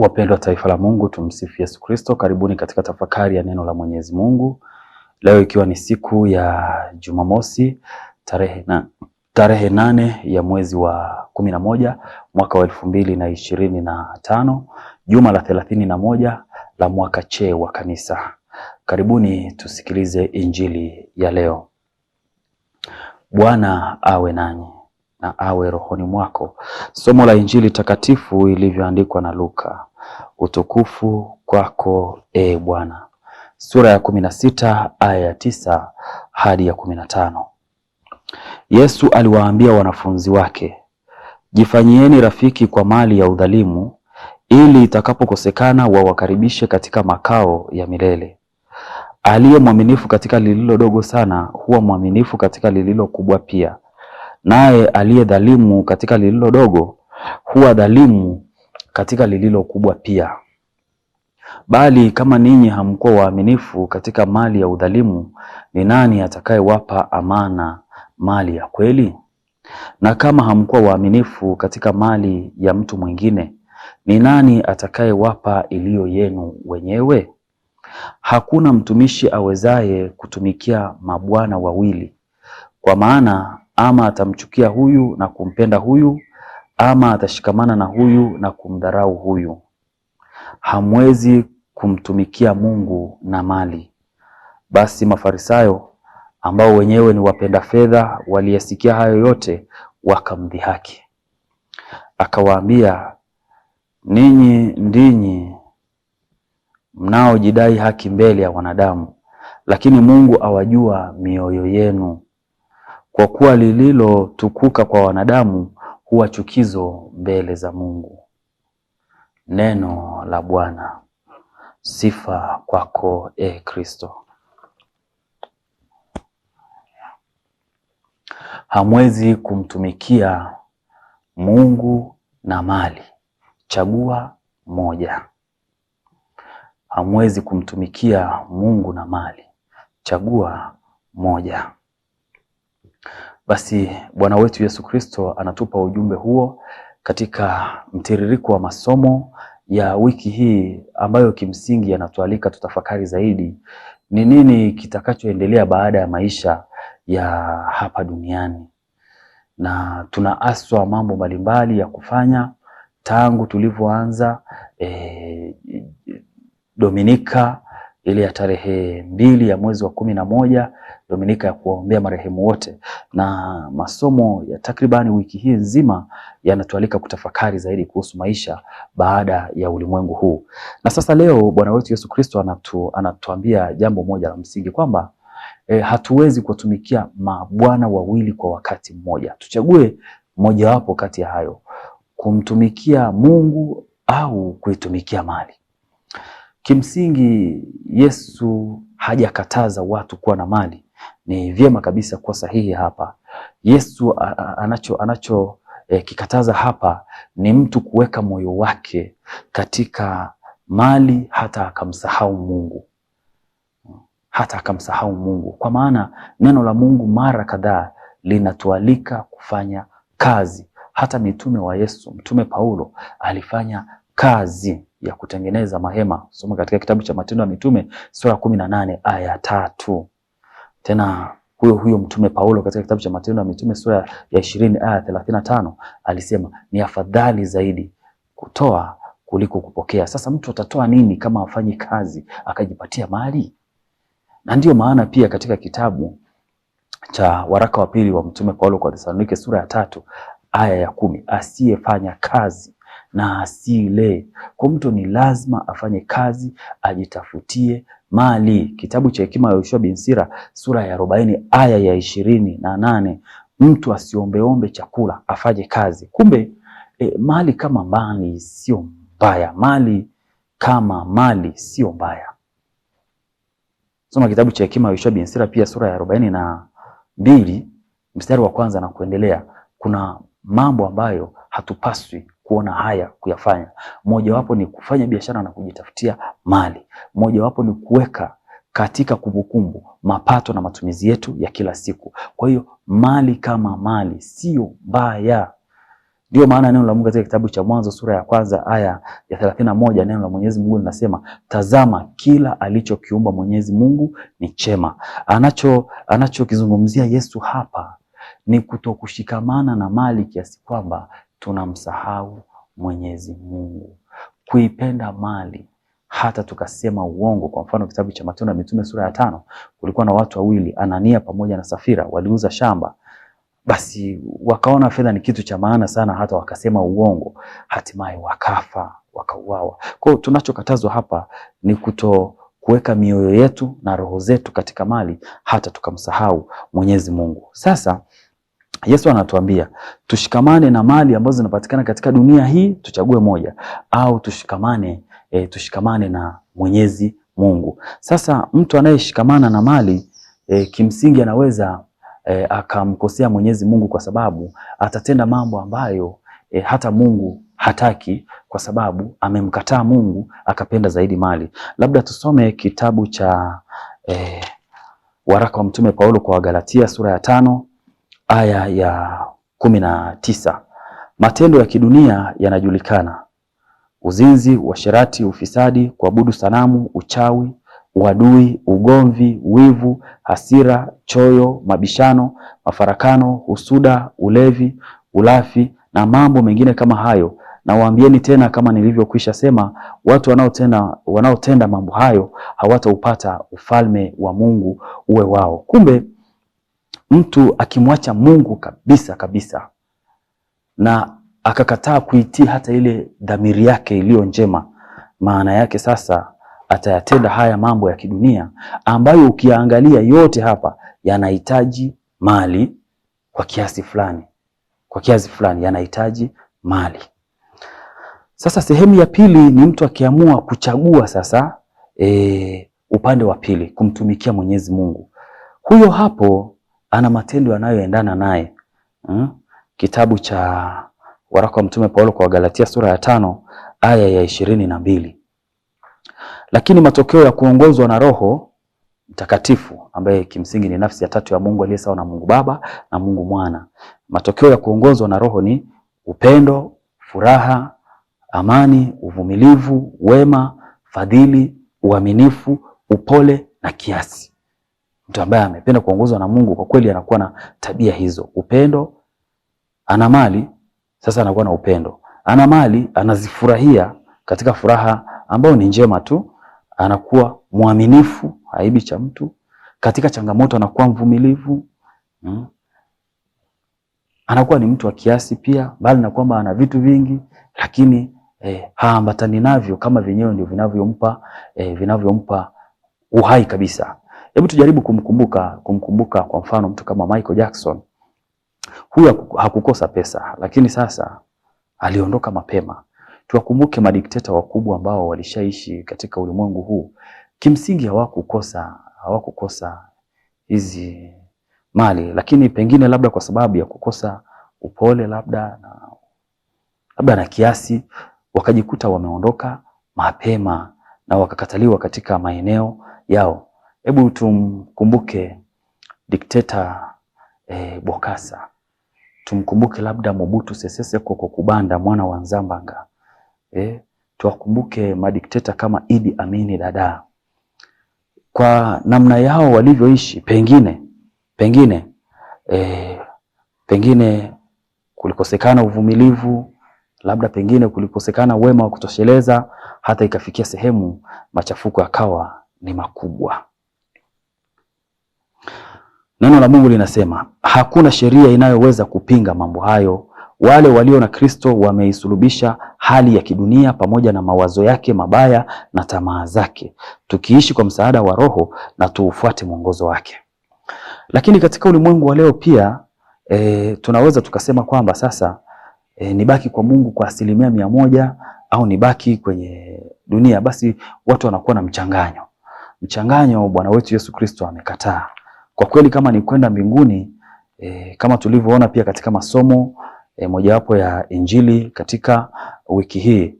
Wapendwa taifa la Mungu, tumsifu Yesu Kristo. Karibuni katika tafakari ya neno la Mwenyezi Mungu, leo ikiwa ni siku ya Jumamosi tarehe na tarehe nane ya mwezi wa kumi na moja mwaka wa elfu mbili na ishirini na tano juma la thelathini na moja la mwaka che wa kanisa. Karibuni tusikilize injili ya leo. Bwana awe nanyi na awe rohoni mwako. Somo la Injili takatifu ilivyoandikwa na Luka. Utukufu kwako e Bwana. Sura ya kumi na sita aya ya tisa hadi ya kumi na tano. Yesu aliwaambia wanafunzi wake, jifanyieni rafiki kwa mali ya udhalimu, ili itakapokosekana wawakaribishe katika makao ya milele. Aliye mwaminifu katika lililo dogo sana huwa mwaminifu katika lililo kubwa pia, naye aliye dhalimu katika lililo dogo huwa dhalimu katika lililo kubwa pia. Bali kama ninyi hamkuwa waaminifu katika mali ya udhalimu, ni nani atakayewapa amana mali ya kweli? Na kama hamkuwa waaminifu katika mali ya mtu mwingine, ni nani atakayewapa iliyo yenu wenyewe? Hakuna mtumishi awezaye kutumikia mabwana wawili, kwa maana ama atamchukia huyu na kumpenda huyu ama atashikamana na huyu na kumdharau huyu. Hamwezi kumtumikia Mungu na mali. Basi Mafarisayo ambao wenyewe ni wapenda fedha waliyasikia hayo yote wakamdhihaki. Akawaambia, ninyi ndinyi mnaojidai haki mbele ya wanadamu, lakini Mungu awajua mioyo yenu, kwa kuwa lililotukuka kwa wanadamu kuwa chukizo mbele za Mungu. Neno la Bwana. Sifa kwako e Kristo. Hamwezi kumtumikia Mungu na mali, chagua moja. Hamwezi kumtumikia Mungu na mali, chagua moja. Basi Bwana wetu Yesu Kristo anatupa ujumbe huo katika mtiririko wa masomo ya wiki hii ambayo kimsingi yanatualika tutafakari zaidi ni nini kitakachoendelea baada ya maisha ya hapa duniani, na tunaaswa mambo mbalimbali ya kufanya tangu tulivyoanza eh, Dominika ile ya tarehe mbili ya mwezi wa kumi na moja Dominika ya kuwaombea marehemu wote, na masomo ya takribani wiki hii nzima yanatualika kutafakari zaidi kuhusu maisha baada ya ulimwengu huu. Na sasa leo Bwana wetu Yesu Kristo anatu, anatuambia jambo moja la msingi kwamba e, hatuwezi kuwatumikia mabwana wawili kwa wakati mmoja. Tuchague mojawapo kati ya hayo, kumtumikia Mungu au kuitumikia mali. Kimsingi Yesu hajakataza watu kuwa na mali, ni vyema kabisa kuwa sahihi hapa. Yesu anacho anacho eh, kikataza hapa ni mtu kuweka moyo wake katika mali hata akamsahau Mungu, hata akamsahau Mungu, kwa maana neno la Mungu mara kadhaa linatualika kufanya kazi. Hata mitume wa Yesu, mtume Paulo alifanya kazi ya kutengeneza mahema. Soma katika kitabu cha Matendo ya Mitume sura ya kumi na nane aya tatu. Tena huyo huyo mtume Paulo katika kitabu cha Matendo ya Mitume sura ya ishirini aya thelathini na tano alisema ni afadhali zaidi kutoa kuliko kupokea. Sasa mtu atatoa nini kama afanyi kazi akajipatia mali? Na ndiyo maana pia katika kitabu cha waraka wa pili wa mtume Paulo kwa Thesalonike sura ya tatu aya ya kumi asiyefanya kazi na asile. Kwa mtu ni lazima afanye kazi, ajitafutie mali. Kitabu cha Hekima ya Yoshua bin Sira sura ya arobaini aya ya ishirini na nane mtu asiombeombe chakula, afanye kazi. Kumbe e, mali kama mali sio mbaya, mali kama mali sio mbaya. Soma kitabu cha Hekima ya Yoshua bin Sira pia sura ya arobaini na mbili mstari wa kwanza na kuendelea. Kuna mambo ambayo hatupaswi kuona haya kuyafanya. Mojawapo ni kufanya biashara na kujitafutia mali, mojawapo ni kuweka katika kumbukumbu mapato na matumizi yetu ya kila siku. Kwa hiyo mali kama mali sio mbaya. Ndio maana neno la Mungu katika kitabu cha Mwanzo sura ya kwanza aya ya thelathini na moja neno la Mwenyezi Mungu linasema, tazama kila alichokiumba Mwenyezi Mungu ni chema. Anacho anachokizungumzia Yesu hapa ni kutokushikamana na mali kiasi kwamba tunamsahau Mwenyezi Mungu, kuipenda mali hata tukasema uongo. Kwa mfano kitabu cha Matendo ya Mitume sura ya tano, kulikuwa na watu wawili, Anania pamoja na Safira, waliuza shamba basi wakaona fedha ni kitu cha maana sana, hata wakasema uongo, hatimaye wakafa wakauawa. Kwa hiyo tunachokatazwa hapa ni kuto kuweka mioyo yetu na roho zetu katika mali hata tukamsahau Mwenyezi Mungu. Sasa Yesu anatuambia tushikamane na mali ambazo zinapatikana katika dunia hii, tuchague moja, au tushikamane e, tushikamane na Mwenyezi Mungu. Sasa mtu anayeshikamana na mali e, kimsingi anaweza e, akamkosea Mwenyezi Mungu kwa sababu atatenda mambo ambayo e, hata Mungu hataki kwa sababu amemkataa Mungu akapenda zaidi mali. Labda tusome kitabu cha e, waraka wa Mtume Paulo kwa Wagalatia sura ya tano aya ya kumi na tisa matendo ya kidunia yanajulikana: uzinzi, uasherati, ufisadi, kuabudu sanamu, uchawi, uadui, ugomvi, wivu, hasira, choyo, mabishano, mafarakano, husuda, ulevi, ulafi na mambo mengine kama hayo. Na waambieni tena kama nilivyokwisha sema, watu wanaotenda wanaotenda mambo hayo hawataupata ufalme wa Mungu uwe wao. Kumbe mtu akimwacha Mungu kabisa kabisa na akakataa kuitii hata ile dhamiri yake iliyo njema, maana yake sasa atayatenda haya mambo ya kidunia ambayo ukiyaangalia yote hapa yanahitaji mali kwa kiasi fulani, kwa kiasi fulani yanahitaji mali. Sasa sehemu ya pili ni mtu akiamua kuchagua sasa e, upande wa pili kumtumikia Mwenyezi Mungu, huyo hapo ana matendo yanayoendana naye hmm? Kitabu cha waraka wa Mtume Paulo kwa Galatia sura ya tano aya ya ishirini na mbili. Lakini matokeo ya kuongozwa na Roho Mtakatifu ambaye kimsingi ni nafsi ya tatu ya Mungu aliye sawa na Mungu Baba na Mungu Mwana. Matokeo ya kuongozwa na Roho ni upendo, furaha, amani, uvumilivu, wema, fadhili, uaminifu, upole na kiasi. Mtu ambaye amependa kuongozwa na Mungu kwa kweli anakuwa na tabia hizo. Upendo, ana mali, sasa anakuwa na upendo. Ana mali, anazifurahia katika furaha ambayo ni njema tu. Anakuwa mwaminifu, haibi cha mtu. Katika changamoto anakuwa mvumilivu. Hmm. Anakuwa ni mtu wa kiasi pia, bali na kwamba ana vitu vingi lakini eh, haambatani navyo kama vyenyewe ndio vinavyompa eh, vinavyompa uhai kabisa. Hebu tujaribu kumkumbuka kumkumbuka, kwa mfano mtu kama Michael Jackson. Huyu hakukosa pesa, lakini sasa aliondoka mapema. Tuwakumbuke madikteta wakubwa ambao walishaishi katika ulimwengu huu, kimsingi hawakukosa hawakukosa hizi mali, lakini pengine labda kwa sababu ya kukosa upole, labda na labda na kiasi, wakajikuta wameondoka mapema na wakakataliwa katika maeneo yao. Hebu tumkumbuke dikteta e, eh, Bokasa, tumkumbuke labda Mobutu Sese Seko kwa kubanda mwana wa Nzambanga e, tuwakumbuke madikteta kama Idi Amini Dada kwa namna yao walivyoishi, pengine pengine e, pengine kulikosekana uvumilivu, labda pengine kulikosekana wema wa kutosheleza, hata ikafikia sehemu machafuko yakawa ni makubwa. Neno la Mungu linasema hakuna sheria inayoweza kupinga mambo hayo. Wale walio na Kristo wameisulubisha hali ya kidunia pamoja na mawazo yake mabaya na tamaa zake, tukiishi kwa msaada wa Roho na tuufuate mwongozo wake. Lakini katika ulimwengu wa leo pia e, tunaweza tukasema kwamba sasa e, nibaki kwa Mungu kwa asilimia mia moja au nibaki kwenye dunia. Basi watu wanakuwa na mchanganyo mchanganyo. Bwana wetu Yesu Kristo amekataa kwa kweli kama ni kwenda mbinguni e, kama tulivyoona pia katika masomo e, mojawapo ya Injili katika wiki hii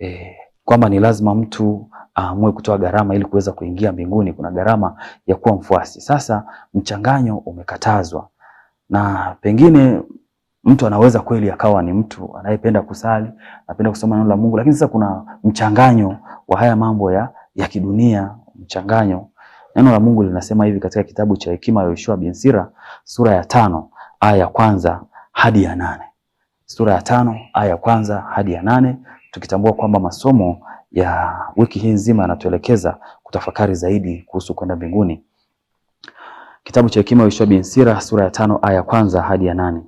e, kwamba ni lazima mtu aamue kutoa gharama ili kuweza kuingia mbinguni. Kuna gharama ya kuwa mfuasi. Sasa mchanganyo umekatazwa, na pengine mtu anaweza kweli akawa ni mtu anayependa kusali, anapenda kusoma neno la Mungu, lakini sasa kuna mchanganyo wa haya mambo ya, ya kidunia, mchanganyo Neno la Mungu linasema hivi katika kitabu cha hekima ya Yoshua bin Sira sura ya tano aya ya kwanza hadi ya nane sura ya tano aya ya kwanza hadi ya nane tukitambua kwamba masomo ya wiki hii nzima yanatuelekeza kutafakari zaidi kuhusu kwenda mbinguni. Kitabu cha hekima ya Yoshua bin Sira sura ya tano aya ya kwanza hadi ya nane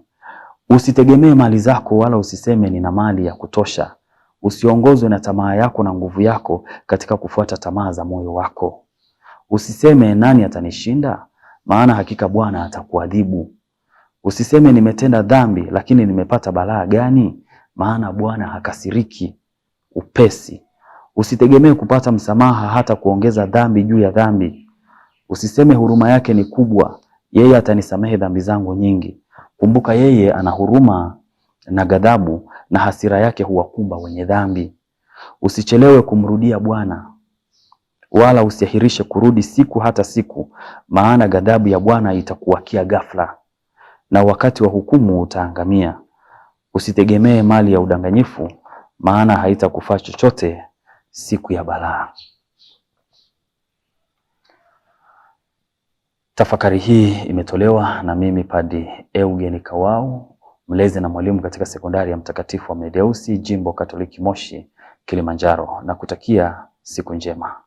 usitegemee mali zako, wala usiseme nina mali ya kutosha. Usiongozwe na tamaa yako na nguvu yako katika kufuata tamaa za moyo wako Usiseme nani atanishinda, maana hakika Bwana atakuadhibu. Usiseme nimetenda dhambi, lakini nimepata balaa gani? Maana Bwana hakasiriki upesi. Usitegemee kupata msamaha, hata kuongeza dhambi juu ya dhambi. Usiseme huruma yake ni kubwa, yeye atanisamehe dhambi zangu nyingi. Kumbuka yeye ana huruma na ghadhabu, na hasira yake huwakumba wenye dhambi. Usichelewe kumrudia Bwana, wala usiahirishe kurudi siku hata siku, maana ghadhabu ya Bwana itakuwakia ghafla, na wakati wa hukumu utaangamia. Usitegemee mali ya udanganyifu, maana haitakufaa chochote siku ya balaa. Tafakari hii imetolewa na mimi Padi Eugen Kawau, mlezi na mwalimu katika sekondari ya Mtakatifu wa Medeusi, jimbo Katoliki Moshi, Kilimanjaro, na kutakia siku njema.